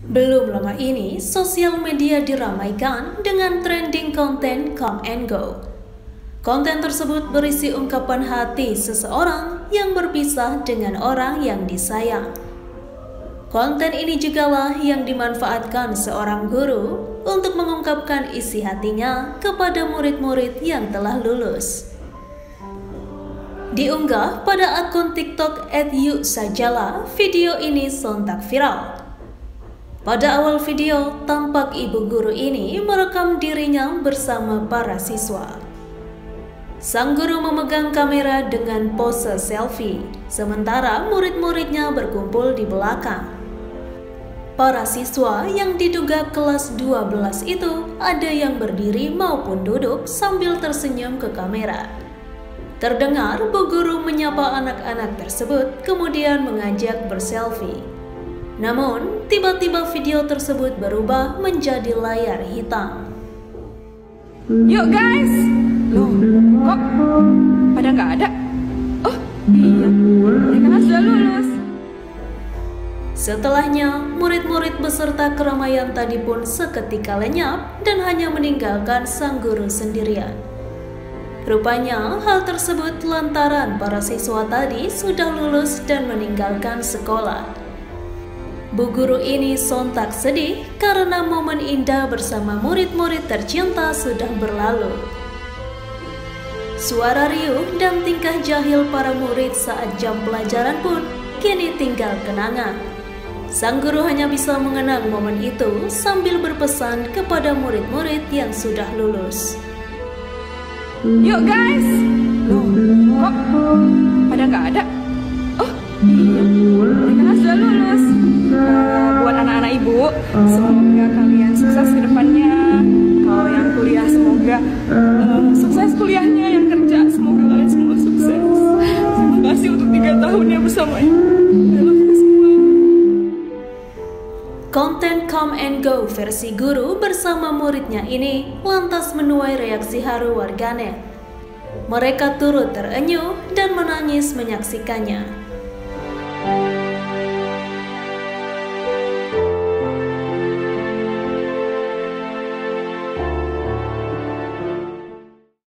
Belum lama ini, sosial media diramaikan dengan trending konten come and go. Konten tersebut berisi ungkapan hati seseorang yang berpisah dengan orang yang disayang. Konten ini jugalah yang dimanfaatkan seorang guru untuk mengungkapkan isi hatinya kepada murid-murid yang telah lulus. Diunggah pada akun TikTok @yu_sajala, video ini sontak viral. Pada awal video, tampak ibu guru ini merekam dirinya bersama para siswa. Sang guru memegang kamera dengan pose selfie, sementara murid-muridnya berkumpul di belakang. Para siswa yang diduga kelas 12 itu ada yang berdiri maupun duduk sambil tersenyum ke kamera. Terdengar bu guru menyapa anak-anak tersebut kemudian mengajak berselfie. Namun, tiba-tiba video tersebut berubah menjadi layar hitam. Yuk guys! Loh, kok pada nggak ada? Oh, iya. Mereka kan sudah lulus. Setelahnya, murid-murid beserta keramaian tadi pun seketika lenyap dan hanya meninggalkan sang guru sendirian. Rupanya, hal tersebut lantaran para siswa tadi sudah lulus dan meninggalkan sekolah. Bu guru ini sontak sedih karena momen indah bersama murid-murid tercinta sudah berlalu. Suara riuh dan tingkah jahil para murid saat jam pelajaran pun kini tinggal kenangan. Sang guru hanya bisa mengenang momen itu sambil berpesan kepada murid-murid yang sudah lulus. Yuk guys! Loh, kok pada nggak ada? Oh, iya. sama Konten Come and Go versi guru bersama muridnya ini lantas menuai reaksi haru warganet. Mereka turut terenyuh dan menangis menyaksikannya.